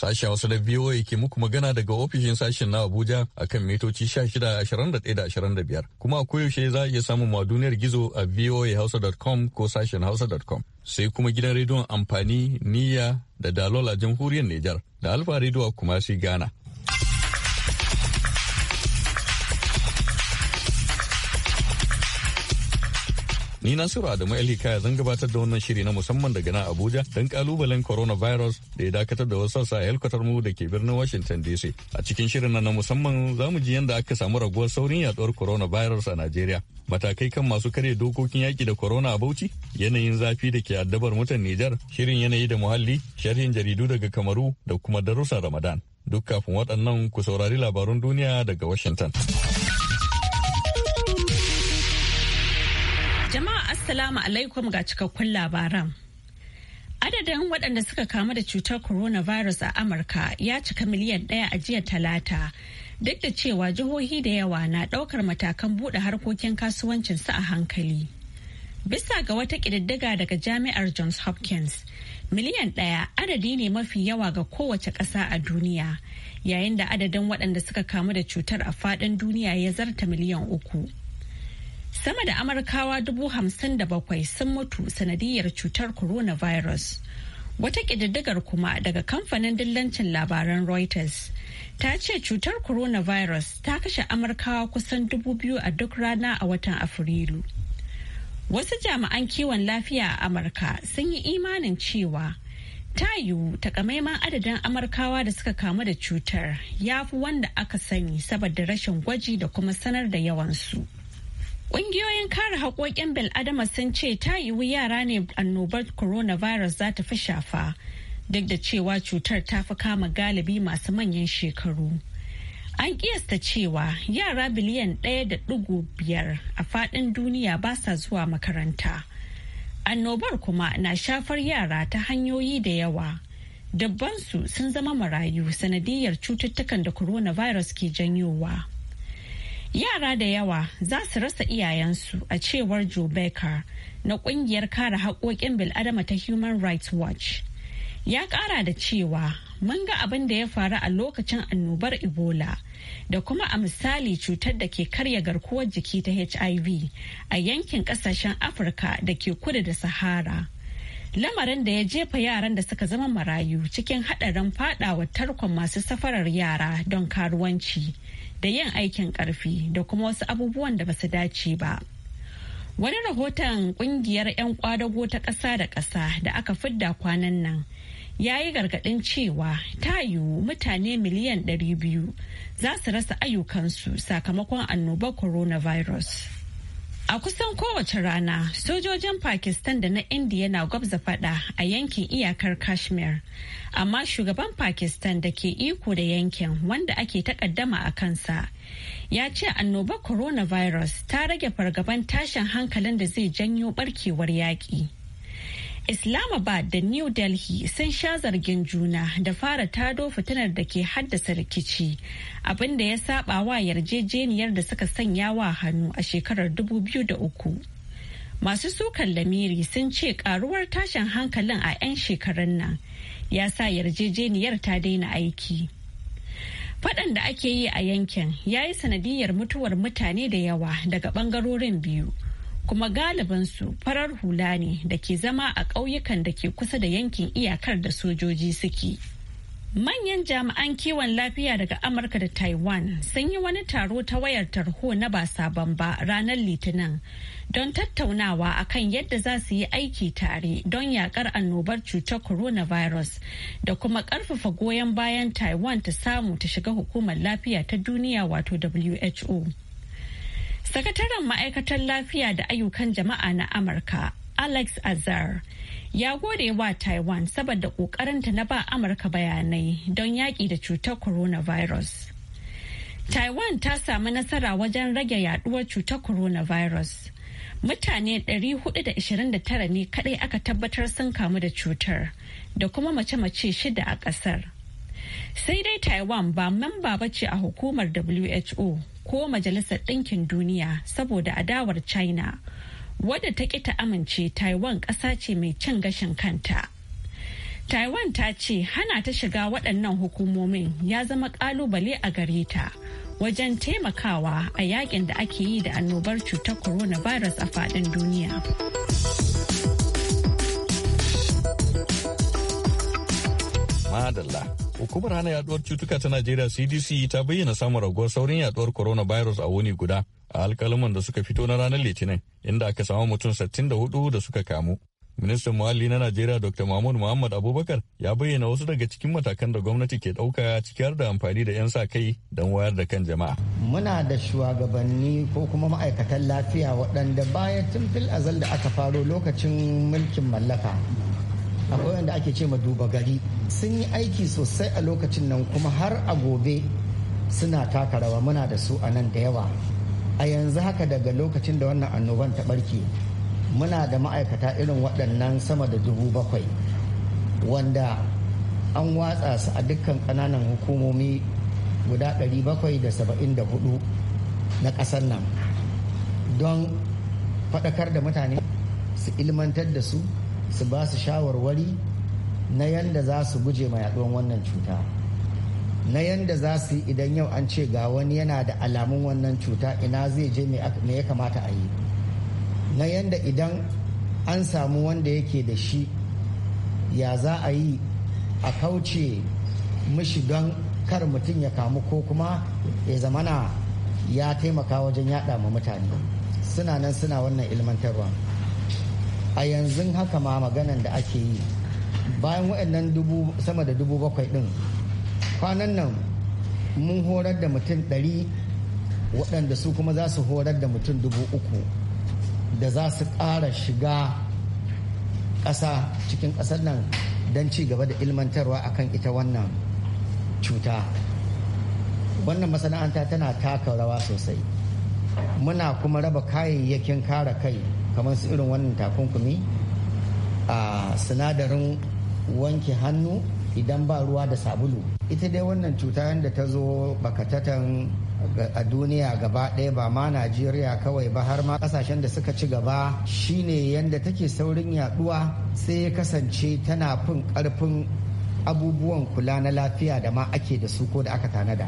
sashen Hausa da VOA ke muku magana daga ofishin sashen na Abuja akan mitoci 16-21-25 kuma a koyaushe za a iya samun ma duniyar gizo a voahausa.com ko sashen hausa.com. Sai kuma gidan rediyon amfani, niyya da dalola jamhuriyar Nijar da alfa rediyo kuma sai Ghana. Ni Nasiru Adamu Elika zan gabatar da wannan shiri na musamman daga nan Abuja don kalubalen coronavirus da ya dakatar da wasu sassa helkwatar mu da ke birnin Washington DC. A cikin shirin na musamman za mu ji yadda aka samu raguwar saurin yaduwar coronavirus a Najeriya. Matakai kan masu karya dokokin yaki da corona a Bauchi, yanayin zafi da ke addabar mutan Nijar, shirin yanayi da muhalli, sharhin jaridu daga Kamaru da kuma darussa Ramadan. Duk kafin waɗannan ku saurari labarun duniya daga Washington. Assalamu alaikum ga cikakkun labaran. Adadin waɗanda suka kamu da cutar coronavirus a Amurka ya cika miliyan ɗaya a jiya talata. Duk da cewa jihohi da yawa na ɗaukar matakan buɗe harkokin kasuwancin su a hankali. Bisa ga wata ƙididdiga daga Jami'ar Johns Hopkins, miliyan ɗaya adadi ne mafi yawa ga kowace ƙasa a duniya, yayin da adadin waɗanda suka kamu da cutar a faɗin duniya ya zarta miliyan uku. Sama da Amurkawa dubu hamsin da bakwai sun mutu sanadiyar cutar coronavirus. Wata ƙididdigar kuma daga kamfanin dillancin labaran Reuters ta ce cutar coronavirus ta kashe Amurkawa kusan dubu biyu a duk rana a watan Afrilu. Wasu jami'an kiwon lafiya a Amurka sun yi imanin cewa ta yiwu takamaiman adadin amurkawa da suka kamu da cutar ya fi wanda aka sani saboda rashin gwaji da kuma sanar da yawansu. Ƙungiyoyin kare haƙoƙin bil'adama sun ce ta yiwu yara ne annobar coronavirus za ta fi shafa duk da cewa cutar ta fi kama galibi masu manyan shekaru. An kiyasta cewa yara biliyan ɗaya da ɗigo biyar a faɗin duniya ba sa zuwa makaranta. Annobar kuma na shafar yara ta hanyoyi da yawa. Dabbansu sun zama marayu sanadiyar cututtukan da coronavirus ke janyowa. Yara da yawa za su rasa iyayensu a cewar Joe Becker na kungiyar kare haƙoƙin bil'adama ta Human Rights Watch. Ya ƙara da cewa mun ga abin da ya faru a lokacin annobar Ebola da kuma a misali cutar da ke karya garkuwar jiki ta HIV a yankin ƙasashen Afirka da ke kudu da Sahara. lamarin da ya jefa yaran da suka zama marayu cikin haɗarin faɗawa tarkon masu safarar yara don karuwanci da yin aikin ƙarfi da kuma wasu abubuwan da basu dace ba. Wani rahoton ƙungiyar 'yan kwadago ta ƙasa da ƙasa da aka fidda kwanan nan ya yi gargaɗin cewa ta yiwu mutane miliyan 200 za su rasa ayyukansu sakamakon annobar coronavirus. A kusan kowace rana, sojojin Pakistan da na Indiya na gwabza fada a yankin iyakar Kashmir. Amma shugaban Pakistan da ke iko da yankin wanda ake takaddama a kansa. Ya ce annobar coronavirus ta rage fargaban tashin hankalin da zai janyo barkewar yaƙi. Islamabad da New Delhi sun sha zargin juna da fara tado fitinar da ke haddasa rikici abin da ya saba wa yarjejeniyar da suka sanya wa hannu a shekarar 2003. Masu sukan lamiri sun ce karuwar tashin hankalin a 'yan shekarun nan ya sa yarjejeniyar ta daina aiki. Faɗan da ake yi a yankin ya yi sanadiyar mutuwar mutane da yawa daga ɓangarorin biyu. kuma galibinsu farar hula ne da ke zama a ƙauyukan da ke kusa da yankin iyakar da sojoji suke. Manyan jami'an kiwon lafiya daga Amurka da Taiwan sun yi wani taro ta wayar tarho na ba sabon ba ranar Litinin don tattaunawa akan yadda za su yi aiki tare don yakar annobar cutar coronavirus da kuma karfafa goyon bayan Taiwan ta samu ta shiga hukumar lafiya ta duniya wato WHO. Sakataren ma'aikatar lafiya da ayyukan jama'a na Amurka, Alex Azar, ya gode wa Taiwan saboda ƙoƙarinta na ba Amurka bayanai don yaƙi da cutar coronavirus. Taiwan ta samu nasara wajen rage yaduwar cutar coronavirus. Mutane 429 ne kadai aka tabbatar sun kamu da cutar da kuma mace-mace shida a ƙasar. Sai dai Taiwan ba mamba ce a hukumar WHO ko majalisar ɗinkin duniya saboda adawar china wadda ta ƙi ta amince taiwan ƙasa ce mai cin gashin kanta taiwan ta ce hana ta shiga waɗannan hukumomin ya zama ƙalubale a gare ta wajen taimakawa a yakin da ake yi da annobar cutar coronavirus a faɗin duniya madalla Hukumar hana yaduwar cutuka ta Najeriya CDC ta bayyana samun raguwar saurin yaduwar coronavirus a wuni guda a alkalaman da suka fito na ranar Litinin inda aka samu mutum 64 da suka kamu. Ministan Muhalli na Najeriya Dr. Mahmud Muhammad Abubakar ya bayyana wasu daga cikin matakan da gwamnati ke ɗauka cikiyar da amfani da 'yan sa kai don wayar da kan jama'a. Muna da shugabanni ko kuma ma'aikatan lafiya waɗanda bayan tun fil azal da aka faro lokacin mulkin mallaka. Akwai wanda ake ce ma duba gari. sun yi aiki sosai a lokacin nan kuma har a gobe suna taka rawa muna da su a nan da yawa a yanzu haka daga lokacin da wannan annoban ta barke muna da ma'aikata irin waɗannan sama da dubu bakwai wanda an watsa su a dukkan ƙananan hukumomi guda da hudu na ƙasar nan don faɗakar da mutane su ilmantar da su su ba su shawarwari na yanda za su guje ma yaduwan wannan cuta na yanda za su yi idan yau an ce ga wani yana da alamun wannan cuta ina zai je me ya kamata a yi na yanda idan an samu wanda yake da shi ya za a yi a kauce mishi don kar mutum ya kamu ko kuma ya zamana ya taimaka wajen yada ma mutane suna nan suna wannan ilmantarwa a yanzu haka ma maganan da ake yi bayan waɗannan sama da dubu bakwai ɗin kwanan nan mun horar da mutum ɗari waɗanda su kuma za su horar da mutum dubu uku da za su ƙara shiga ƙasa cikin ƙasar nan don ci gaba da ilmantarwa akan ita wannan cuta wannan masana'anta tana taka rawa sosai muna kuma raba kayayyakin kare kai kamar su irin wannan takunkumi a sinadarin wanke hannu idan ba ruwa da sabulu ita dai wannan cuta yadda ta zo bakatatan a duniya gaba ɗaya ba ma najeriya kawai ba har ma kasashen da suka ci gaba shine yadda take saurin yaduwa sai ya kasance tana fin ƙarfin abubuwan kula na lafiya da ma ake da su ko da aka tanada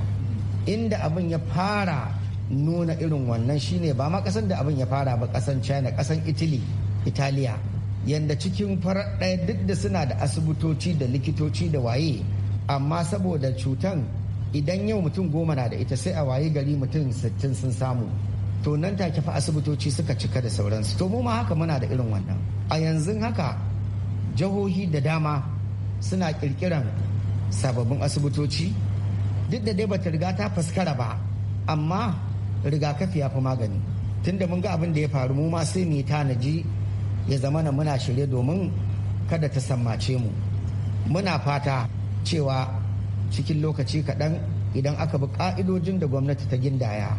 inda abin ya fara nuna irin wannan shine ba ma ƙasan da abin ya fara ba ƙasan china ƙasan italy italiya yanda cikin farar ɗaya duk da suna da asibitoci da likitoci da waye amma saboda cutan idan yau mutum goma na da ita sai a waye gari mutum sittin sun samu to nan take fa asibitoci suka cika da sauransu to mu ma haka muna da irin wannan a yanzu haka jihohi da dama suna kirkiran sababbin asibitoci duk da dai bata riga ta faskara ba amma rigakafi ya fi magani tunda mun ga abin da ya faru mu ma sai mu yi tanaji ya zama na muna shirye domin kada ta sammace mu muna fata cewa cikin lokaci kaɗan idan aka bi ka'idojin da gwamnati ta gindaya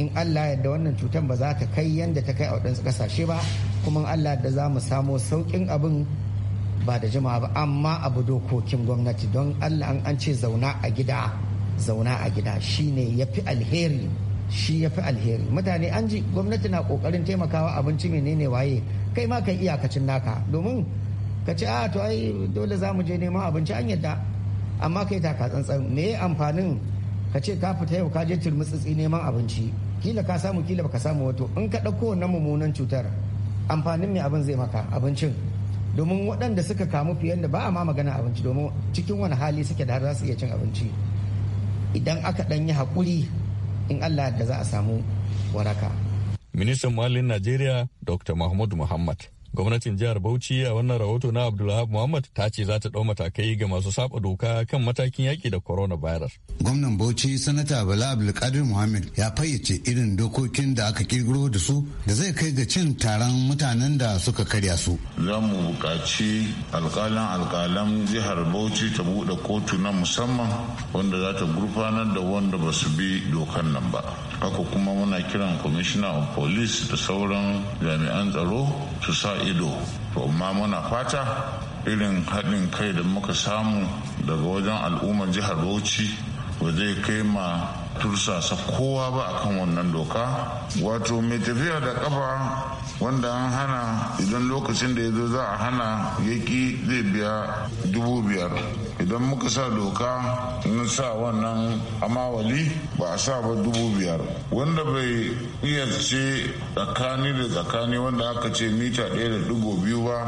in allah yadda wannan cutar ba za ta kai yadda ta kai a waɗansu ƙasashe ba kuma allah yadda za mu samo sauƙin abin ba da jimawa ba amma abu dokokin gwamnati don allah an ce zauna a gida zauna a gida shi ne ya fi alheri shi ya fi alheri mutane an ji gwamnati na ƙoƙarin taimakawa abinci menene waye kai ma kai iyakacin naka domin ka ce a ah, to ai dole za mu je neman abinci an yadda amma kai taka tsantsan me amfanin ka ce ka fita yau ka je turmutsitsi neman abinci kila ka samu kila baka samu wato in ka ɗauko wannan mummunan cutar amfanin me abin zai maka abincin domin waɗanda suka kamu fiye da ba a ma magana abinci domin cikin wani hali suke da har za su iya cin abinci idan aka ɗan yi haƙuri in allah da za a samu waraka ministan muhallin najeriya dr mahmud muhammad gwamnatin jihar bauchi a wannan rahoto na Abdullahi muhammad ta ce za ta ɗau matakai ga masu saba doka kan matakin yaki da corona coronavirus gwamnan bauchi sanata bala abdulkadir muhammad ya fayyace irin dokokin da aka kirkiro da su da zai kai ga cin taron mutanen da suka karya su za mu buƙaci alƙalan alƙalan jihar bauchi ta buɗe kotu na musamman wanda za ta gurfanar da wanda ba su bi dokan nan ba haka kuma muna kiran commissioner of police da sauran jami'an tsaro su sa ido to amma muna fata irin haɗin kai da muka samu daga wajen al'ummar jihar bauchi ba zai kai ma tursasa kowa ba akan wannan doka wato mai tafiya da kafa wanda an hana idan lokacin da ya zo za a hana yaƙi zai biya dubu biyar idan muka sa doka na sa wannan amawali ba a sa ba dubu biyar wanda bai iya ce tsakani da tsakani wanda aka ce mita ɗaya da dubu biyu ba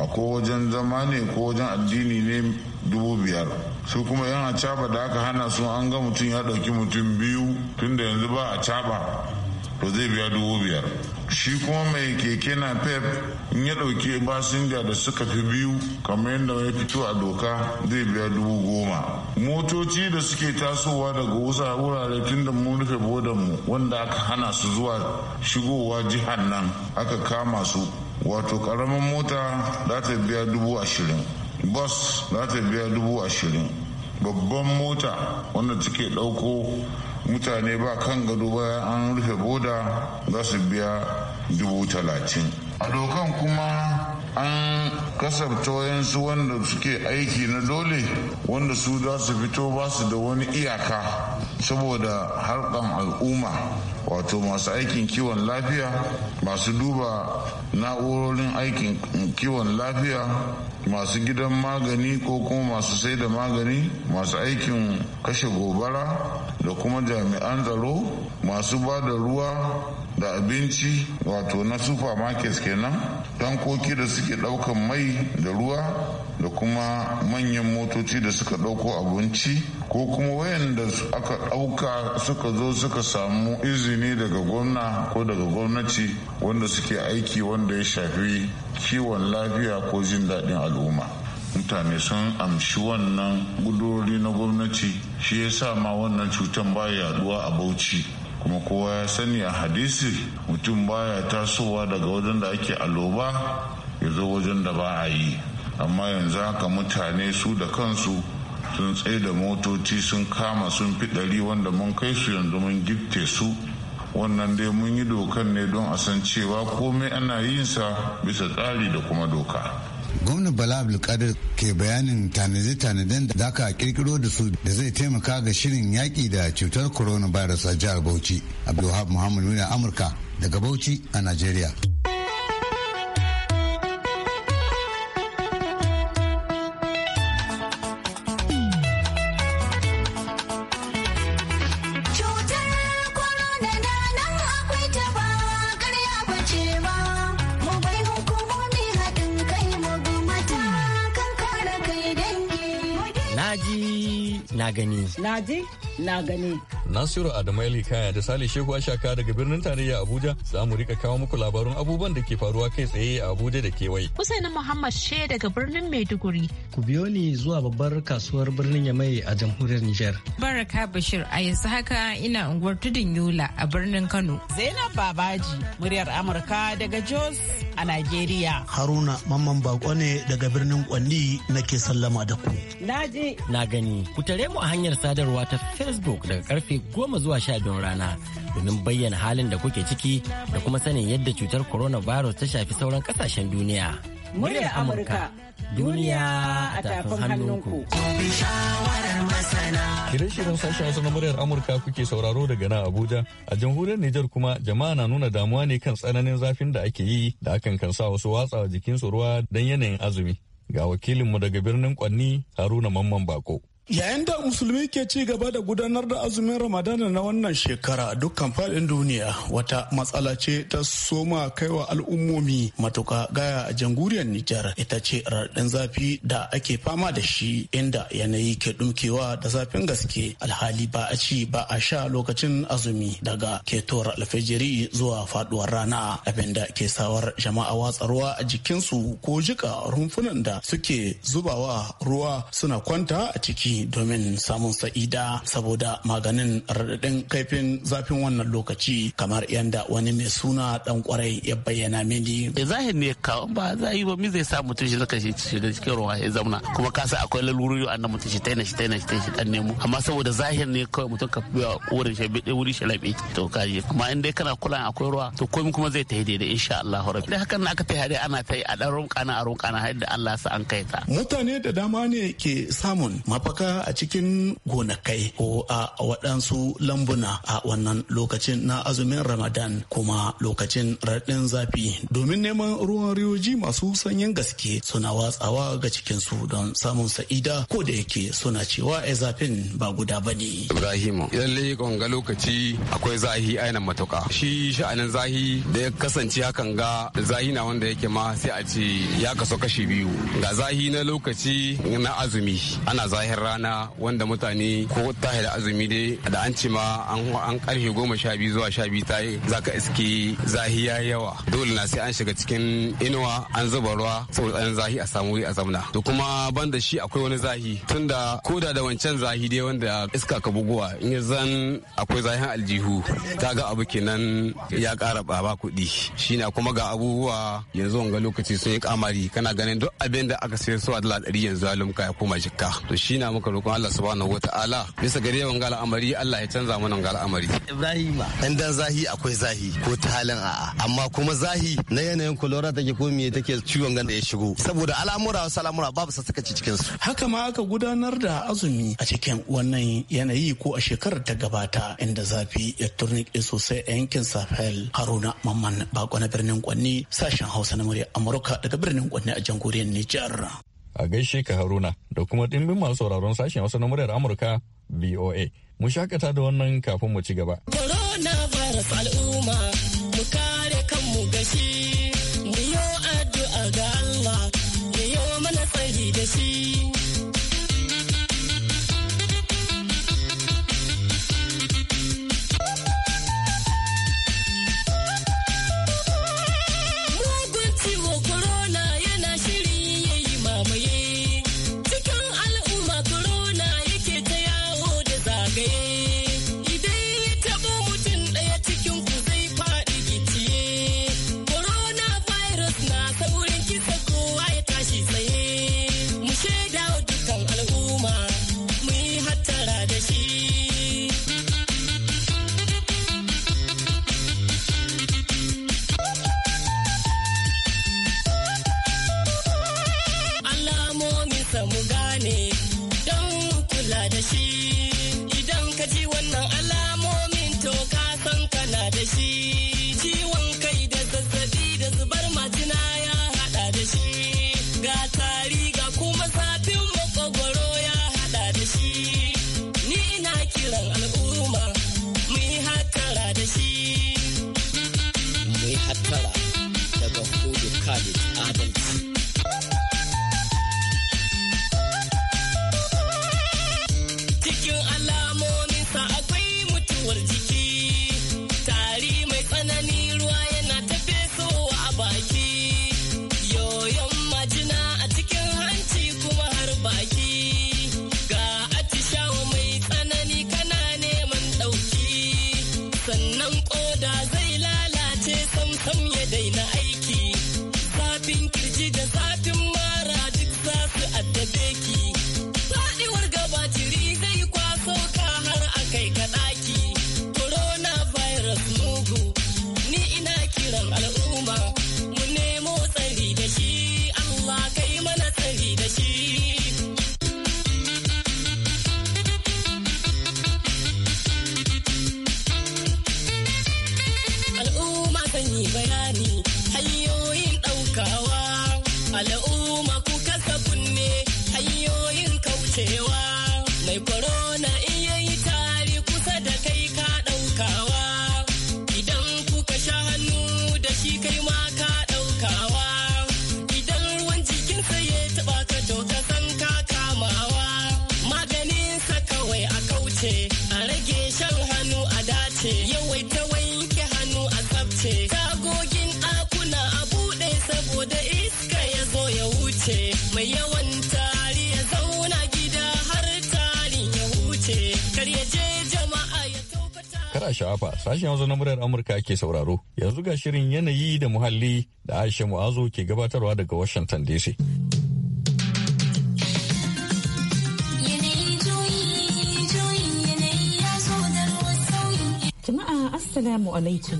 a ko wajen zama ne ko wajen addini ne dubu biyar su kuma yan a caba da aka hana su an ga mutum ya ɗauki mutum biyu tunda yanzu ba a caba to zai biya dubu biyar shi kuma mai keke na pep in ya ɗauki basinja da suka fi biyu kamar yadda ya fito a doka zai biya dubu goma motoci da suke tasowa daga wusa wurare tun da mun rufe mu wanda aka hana su zuwa shigowa jihar nan aka kama su wato karamin mota za ta biya dubu ashirin bus za ta biya dubu ashirin babban mota wanda take ɗauko mutane ba kan gado bayan an rufe boda za su biya dubu talatin a dokan kuma an kasafta wayansu wanda suke aiki na dole wanda su za su fito ba su da wani iyaka saboda harkan al'umma wato masu aikin kiwon lafiya masu duba na'urorin aikin kiwon lafiya masu gidan magani ko kuma masu sai da magani masu aikin kashe gobara da kuma jami'an tsaro masu ba da ruwa da abinci wato na supermarkets kenan tankoki da suke daukan mai da ruwa da kuma manyan motoci da suka dauko abinci ko kuma wayanda aka dauka suka zo suka samu izini daga gwamna ko daga gwamnati wanda suke aiki wanda ya shafi kiwon lafiya ko jin daɗin al'umma mutane sun amshi wannan gudori na gwamnati shi ya sa ma wannan cutan ba yaduwa a bauchi kuma kowa ya sani a hadisi mutum baya tasowa daga wajen da ake aloba ya zo wajen da ba a yi amma yanzu haka mutane su da kansu sun tsaye da motoci sun kama sun fi ɗari wanda mun kai su yanzu mun gifte su wannan dai mun yi dokan ne don a san cewa komai ana yin sa bisa tsari da kuma doka gwamnan bala abdulkadir ke bayanin tanade-tanaden da aka kirkiro da su da zai taimaka ga shirin yaƙi da cutar coronavirus a jihar bauchi abdulhab Muhammadu na amurka daga bauchi a nigeria Nadi. Na ji na gani. Nasiru Adamu Ali Kaya da Sale Shehu Ashaka daga birnin tarayya Abuja za mu rika kawo muku labarun abubuwan da ke faruwa kai tsaye a Abuja da kewaye. Husaini Muhammad She daga birnin Maiduguri. Ku biyo ni zuwa babbar kasuwar birnin Yamai a jamhuriyar Nijar. Baraka Bashir a yanzu haka ina unguwar Tudun Yola a birnin Kano. Zainab Babaji muryar Amurka daga Jos a Najeriya. Haruna Mamman Bako ne daga birnin Kwanni nake sallama da ku. Naji. Na gani. Ku tare mu a hanyar sadarwa ta Facebook daga karfe 10 zuwa 12 rana domin bayyana halin da kuke ciki da kuma sanin yadda cutar coronavirus ta shafi sauran kasashen duniya. Muryar Amurka duniya a tafin hannunku. Shirin shirin sashen wasu na muryar Amurka kuke sauraro daga nan Abuja a jamhuriyar Nijar kuma jama'a na nuna damuwa ne kan tsananin zafin da ake yi da akan kan sa wasu watsawa jikinsu ruwa don yanayin azumi. Ga wakilinmu daga birnin Kwanni Haruna Mamman Bako. Yayin da musulmi ke ci gaba da gudanar da azumin Ramadana na wannan shekara dukkan faɗin duniya wata matsala ce ta soma kaiwa al'ummomi matuka gaya a jamhuriyar Nijar ita ce raɗin zafi da ake fama da shi inda yanayi ke ɗumkewa da zafin gaske alhali ba a ci ba a sha lokacin azumi daga ketowar alfajiri zuwa faɗuwar rana Abin da ke sawar jama'a watsa ruwa a jikinsu ko jika rumfunan da suke zubawa ruwa suna kwanta a ciki domin samun sa'ida saboda maganin raɗaɗin kaifin zafin wannan lokaci kamar yadda wani mai suna dan kwarai ya bayyana mini. Eh, zahir ne ka ba za yi ba mi zai sa mutum shi zaka shiga cikin ruwa ya zauna kuma ka sa akwai lalurori a nan mutum shi taina shi taina shi ta shi dan nemo amma saboda zahir ne kawai mutum ka biya wurin shi bi wuri shi laɓe to ka je amma in dai kana kula akwai ruwa to komai kuma zai tafi daidai insha Allah rabbi dai hakan aka ta dai ana yi a dan ronka a ronka har da Allah sa an kai ta mutane da dama ne ke samun mafaka shuka a cikin gonakai ko a waɗansu lambuna a wannan lokacin na azumin Ramadan kuma lokacin raɗin zafi domin neman ruwan riyoji masu sanyin gaske suna watsawa ga cikin su don samun sa'ida ko da yake suna cewa a zafin ba guda ba ne. Ibrahim, lai ga lokaci akwai zahi ainihin matuka. Shi sha'anin zahi da ya kasance hakan ga zahi na wanda yake ma sai a ce ya kaso kashi biyu. Ga zahi na lokaci na azumi ana zahin rana wanda mutane ko ta da azumi dai da an ce ma an karfe goma sha biyu zuwa sha biyu ta yi za ka iske zahi ya yawa dole na sai an shiga cikin inuwa an zuba ruwa saboda tsanin zahi a samu a zamna to kuma ban da shi akwai wani zahi tunda ko da wancan zahi dai wanda iska ka buguwa in yi zan akwai zahin aljihu ta ga abu kenan ya kara baba kuɗi shi na kuma ga abubuwa yanzu wanga lokaci sun yi kamari kana ganin duk abin da aka sayar su a dala ɗari yanzu ya lumka ya koma jikka to shi na muka roƙon Allah subhanahu ta'ala bisa gari yawan ga al'amari Allah ya canza mana ga al'amari Ibrahim dan dan zahi akwai zahi ko talin a'a amma kuma zahi na yanayin kulora take ko me take ciwon ganda ya shigo saboda al'amura wasu al'amura babu ci cikin su haka ma aka gudanar da azumi a cikin wannan yanayi ko a shekarar ta gabata inda zafi ya turnike sosai a yankin Sahel Haruna Mamman bako na birnin Kwanni sashen Hausa na murya Amurka daga birnin Kwanni a jamhuriyar Nijar a gaishe ka haruna da kuma dimbin masu sauraron sashen wasu na muryar amurka voa mu shakata da wannan kafin mu ci gaba. Corona al'umma, what it arewa mai kwaro a sha'afa sashen wanzu na muryar Amurka ke sauraro. Yanzu ga shirin yanayi da muhalli da Aisha Mu'azu ke gabatarwa daga Washington DC. Jama'a Assalamu alaikum.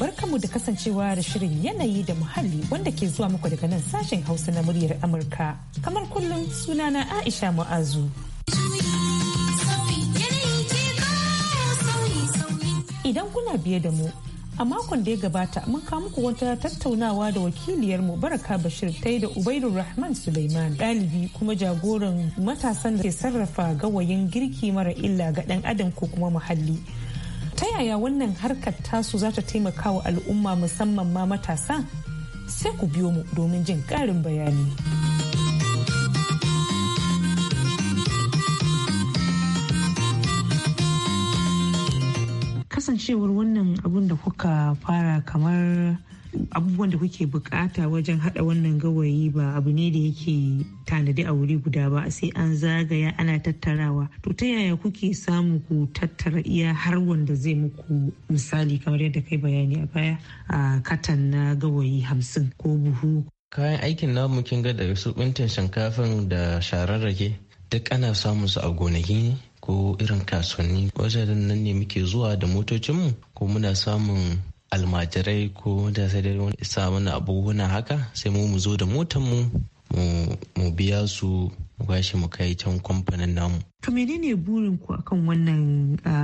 Barkanmu da kasancewa da shirin yanayi da muhalli wanda ke zuwa muku daga nan sashen Hausa na muryar Amurka. Kamar kullum sunana Aisha Mu'azu. kuna biye da mu a makon da ya gabata mun kawo muku wata tattaunawa da wakiliyarmu baraka bashir ta da ubaidu rahman suleiman ɗalibi kuma jagoran matasan da ke sarrafa gawayin girki mara illa ga ɗan adam ko kuma muhalli ta yaya wannan harkar tasu za ta taimaka wa al'umma musamman ma matasa sai ku biyo mu domin jin ƙarin bayani. kasancewar wannan abun da kuka fara kamar abubuwan da kuke bukata wajen hada wannan gawayi ba abu ne da yake tanadi a wuri guda ba sai an zagaya ana tattarawa to ta yaya kuke samu ku tattara iya har wanda zai muku misali kamar yadda kai bayani a baya a katan na gawayi hamsin ko buhu kayan aikin namu kin ga da su shinkafin da sharar rage duk ana samun su a gonakin ko irin kasuwanni wajen nan ne muke zuwa da motocinmu ko muna samun almajirai ko da sai da wani isa mana abubuwa haka sai mu mu zo da motanmu mu biya su mu gashi mu kai can kamfanin namu. To menene burin ku akan wannan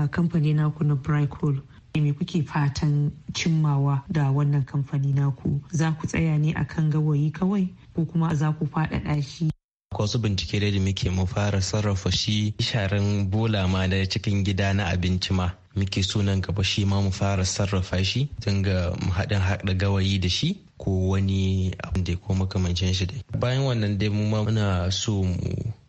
kamfani naku na Bricol? me kuke fatan cimmawa da wannan kamfani naku za ku tsaya ne akan gawayi kawai ko kuma za ku faɗaɗa shi ko su bincike da muke mu fara sarrafa shi sharan bola ma da cikin gida na abinci ma muke sunan gaba shi ma mu fara sarrafa shi tun ga haɗin haɗa gawayi da shi ko wani abin da ko makamancin shi dai bayan wannan dai mu ma muna so mu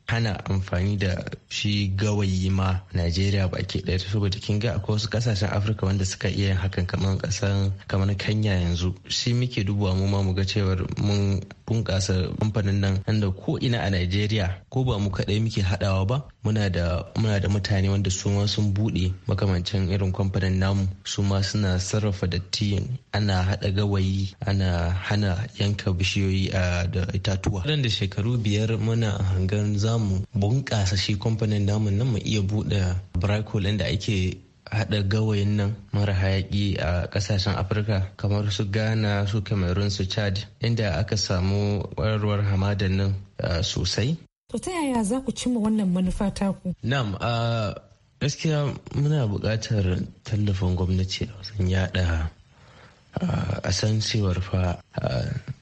hana amfani da shi gawayi ma Najeriya ba ke ɗaya ta saboda kin ga akwai wasu kasashen Afirka wanda suka iya yin hakan kamar kasan kamar Kenya yanzu shi muke dubawa mu ma mu ga cewar mun bunƙasa kamfanin nan inda ko ina a Najeriya ko ba mu kaɗai muke haɗawa ba muna da muna da mutane wanda su ma sun buɗe makamancin irin kamfanin namu su ma suna sarrafa datti ana haɗa gawayi ana hana yanka bishiyoyi a da itatuwa. Nan da shekaru biyar muna hangar zamu bunƙasa shi kamfanin namu nan mu iya buɗe bracol da ake haɗa gawayin nan mara hayaƙi a ƙasashen afirka kamar su ghana su cameroon su chad inda aka samu warwar hamadan nan sosai to ta yaya za ku cimma wannan manufa taku na'am a gaskiya muna buƙatar tallafin gwamnati a wasan yada a san cewar fa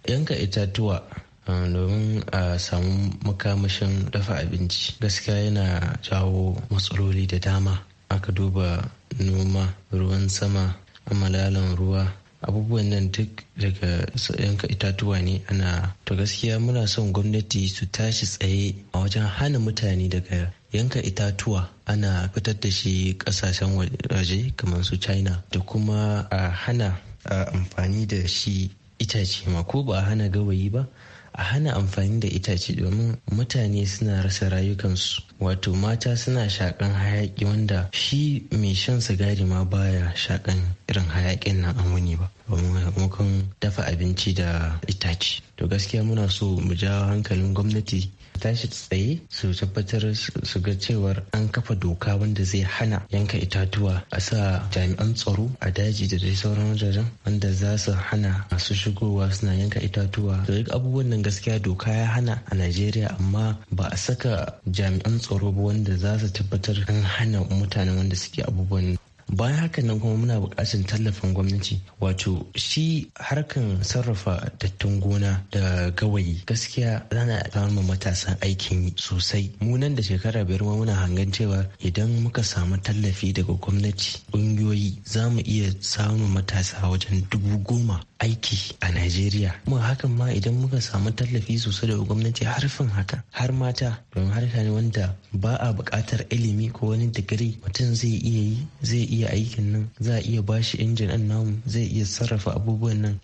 yanka itatuwa domin a samu makamashin dafa abinci gaskiya yana jawo matsaloli da dama aka duba noma ruwan sama amalalan ruwa abubuwan nan duk daga yanka itatuwa ne ana to gaskiya muna son gwamnati su tashi tsaye a wajen hana mutane daga yanka itatuwa ana fitar da shi kasashen waje kamar su china da kuma a hana amfani da shi itace ma ko ba a hana gawayi ba a hana amfani da itace domin mutane suna rasa rayukansu wato mata suna shakan hayaki wanda shi mai shan sigari ma baya shakan irin hayakin nan muni ba maimakon dafa abinci da itace to gaskiya muna so mu jawo hankalin gwamnati tashi tsaye su tabbatar su ga cewar an kafa doka wanda zai hana yanka itatuwa a sa jami'an tsaro a daji da dai sauran wajajen wanda za su hana masu shigowa suna yanka itatuwa da duk abubuwan nan gaskiya doka ya hana a najeriya amma ba a saka jami'an tsaro ba wanda za su tabbatar an hana mutanen wanda suke abubuwan bayan haka nan kuma muna bukatar tallafin gwamnati wato shi harkan sarrafa dattin gona da gawayi gaskiya ana samun matasan aikin sosai mu nan da shekara biyar ma muna hangen cewa idan muka samu tallafi daga gwamnati ƙungiyoyi za mu iya samun matasa wajen dubu goma aiki a Najeriya. Mun hakan ma idan muka samu tallafi sosai daga gwamnati harfin haka har mata don harka ne wanda ba a buƙatar ilimi ko wani digiri mutum zai iya yi zai iya aikin nan za a iya bashi injin an namu zai iya sarrafa abubuwan nan.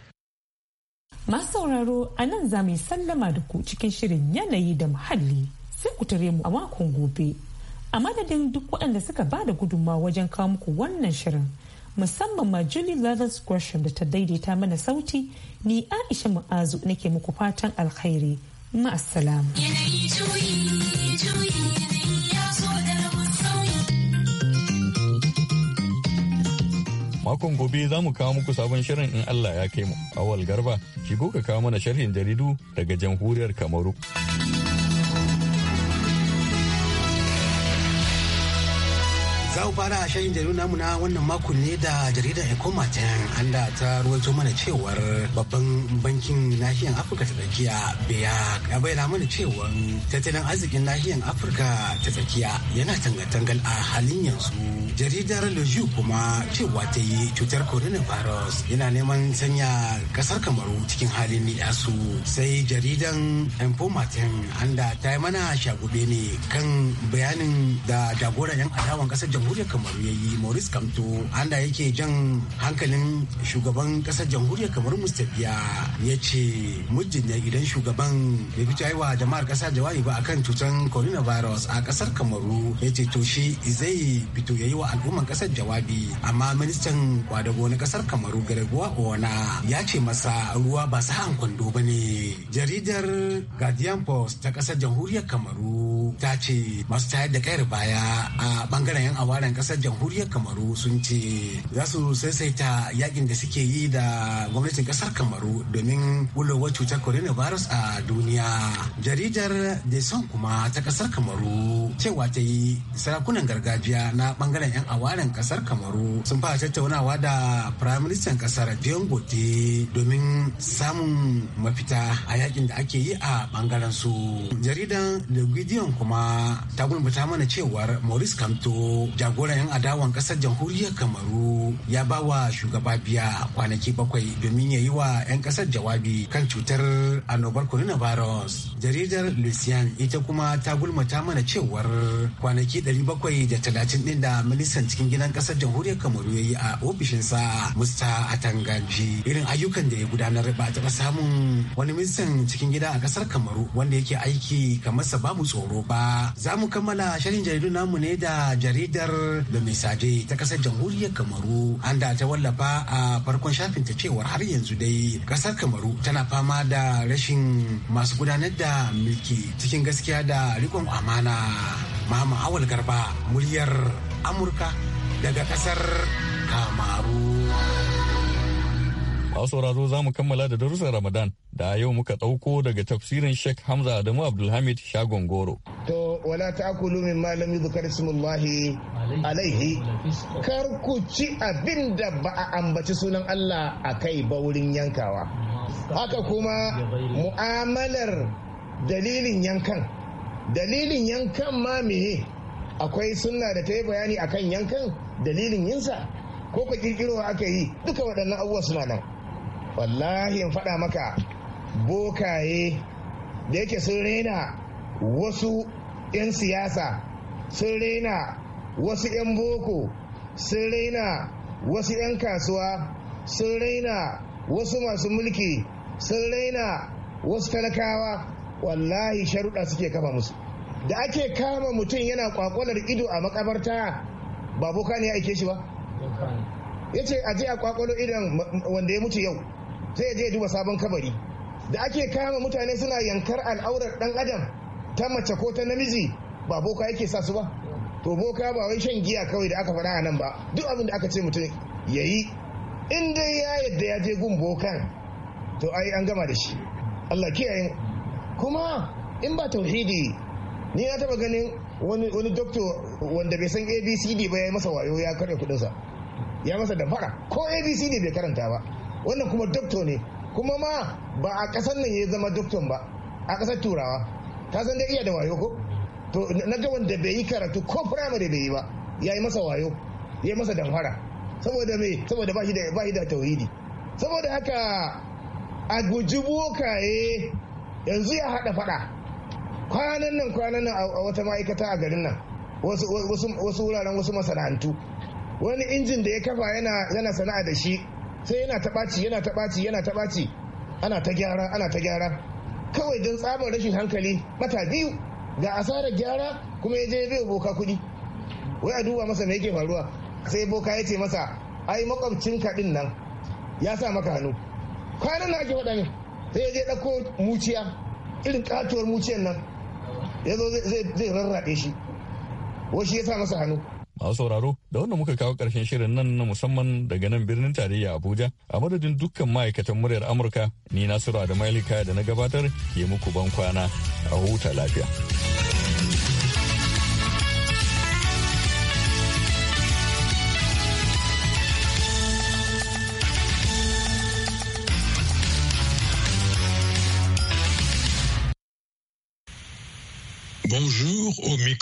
Masu sauraro a nan za mu yi sallama da ku cikin shirin yanayi da muhalli sai ku tare mu a makon gobe. A madadin duk waɗanda suka ba da gudunmawa wajen kawo muku wannan shirin. musamman ma Julie Leathers Gresham da ta daidaita mana sauti ni Aisha Mu'azu nake muku fatan alkhairi assalamu Makon gobe za mu kawo muku sabon shirin in Allah ya kai mu. Awal Garba, shigo ka kawo mana sharhin jaridu daga jamhuriyar Kamaru. za mu fara shayin jaridu namu na wannan makon ne da jaridar ecomatin anda ta ruwaito mana cewar babban bankin nahiyar afirka ta tsakiya biya ya bayyana mana cewar tattalin arzikin nahiyar afirka ta tsakiya yana tangatangal tangal a halin yanzu jaridar lojiyu kuma cewa ta yi cutar coronavirus yana neman sanya kasar kamaru cikin halin ni'asu sai jaridan informatin anda ta yi mana shagube ne kan bayanin da jagoran yan adawan kasar jamhuriyar jamhuriyar kamaru ya yi moris kamto anda yake jan hankalin shugaban kasar jamhuriyar kamaru Mustapha ya ce mujin ya idan shugaban ya fi aiwa jama'ar kasa jawabi ba akan cutar coronavirus a kasar kamaru ya ce to shi zai fito ya yi wa al'umman kasar jawabi amma ministan kwadago na kasar kamaru garaguwa ona ya ce masa ruwa ba su kwando ba ne jaridar guardian post ta kasar jamhuriyar kamaru ta ce masu tayar da kayar baya a bangaren yan awa tawaran kasar jamhuriyar kamaru sun ce za su saisaita yakin da suke yi da gwamnatin kasar kamaru domin bulowar cutar coronavirus a duniya jaridar da son kuma ta kasar kamaru cewa ta yi sarakunan gargajiya na bangaren 'yan awaren kasar kamaru sun fara tattaunawa da prime minister kasar biyan domin samun mafita a yakin da ake yi a bangaren su jaridar da kuma ta gulmata mana cewar maurice kamto jagoran 'yan adawan kasar jamhuriyar kamaru ya ba wa shugaba biya kwanaki bakwai domin ya yi wa 'yan kasar jawabi kan cutar annobar coronavirus jaridar lucian ita kuma ta gulmata mana cewar kwanaki 730 din da ministan cikin gidan kasar jamhuriyar kamaru ya yi a ofishinsa musta atangaji irin ayyukan da ya gudanar ba a taɓa samun wani ministan cikin gida a kasar kamaru wanda yake aiki kamar sa babu tsoro ba za mu kammala shirin jaridu namu ne da jaridar kasar da misaje ta kasar jamhuriyar kamaru an da ta wallafa a farkon shafin ta cewar har yanzu dai kasar kamaru tana fama da rashin masu gudanar da mulki cikin gaskiya da rikon amana mama awal garba muryar amurka daga kasar kamaru masu sauraro za mu kammala da darussan ramadan da yau muka ɗauko daga tafsirin sheikh hamza adamu abdulhamid shagon goro to wala ta'kulu mimma lam yuzkar ismullahi alaihi kar ku ci abin da ba a ambaci sunan Allah a kai ba wurin yankawa haka kuma mu'amalar dalilin yankan dalilin yankan ma me akwai sunna da ta yi bayani akan yankan dalilin yinsa ko ka kirkiro aka yi duka waɗannan abubuwa suna nan wallahi in faɗa maka bokaye da yake sun rena wasu 'yan siyasa sun raina wasu 'yan boko sun raina wasu 'yan kasuwa sun raina wasu masu mulki sun raina wasu talakawa wallahi sharuɗa suke kafa musu da ake kama mutum yana kwakwalar ido a makabarta ba boka ne ya aike shi ba ya ce aje a kwakwalo idon wanda ya mutu yau sai ya je duba sabon kabari da ake kama mutane suna yankar al'aurar dan adam ta mace ko ta namiji ba boka yake sa su ba to boka ba wai shan giya kawai da aka faɗa a nan ba duk abin da aka ce mutum ya yi in dai ya yadda ya je gun bokan to ai an gama da shi Allah kiyaye kuma in ba tauhidi ni ya taba ganin wani wani wanda bai san abcd ba ya yi masa wayo ya karya sa ya masa damfara ko abcd bai karanta ba wannan kuma doktor ne kuma ma ba a ƙasar nan ya zama doktor ba a kasar turawa Ta san dai iya da wayo ko to na ga wanda bai yi karatu ko firamare bai yi ba ya yi masa wayo ya yi masa damfara saboda me saboda ba shi da ba tauhidi saboda haka a guji bokaye yanzu ya haɗa fada kwanan nan kwanan nan a wata ma'aikata a garin nan wasu wuraren wasu masana'antu wani injin da ya kafa yana sana'a da shi sai yana taɓaci yana taɓaci yana taɓaci ana ta gyara ana ta gyara kawai don tsabar rashin hankali mata biyu ga asarar gyara kuma ya je ya bai boka kuɗi wai a duba masa me yake faruwa sai boka ya ce masa ai makwabcin kaɗin nan ya sa maka hannu kwanan na ake faɗa min sai ya je ɗauko muciya irin katuwar muciyar nan ya zo zai rarraɗe shi wasu ya sa masa hannu masu sauraro da wanda muka kawo karshen shirin nan na musamman daga nan birnin tarayya abuja a madadin dukkan ma'aikatan muryar amurka ni nasiru da malika da na gabatar ke muku ban kwana a huta lafiya Bonjour au micro.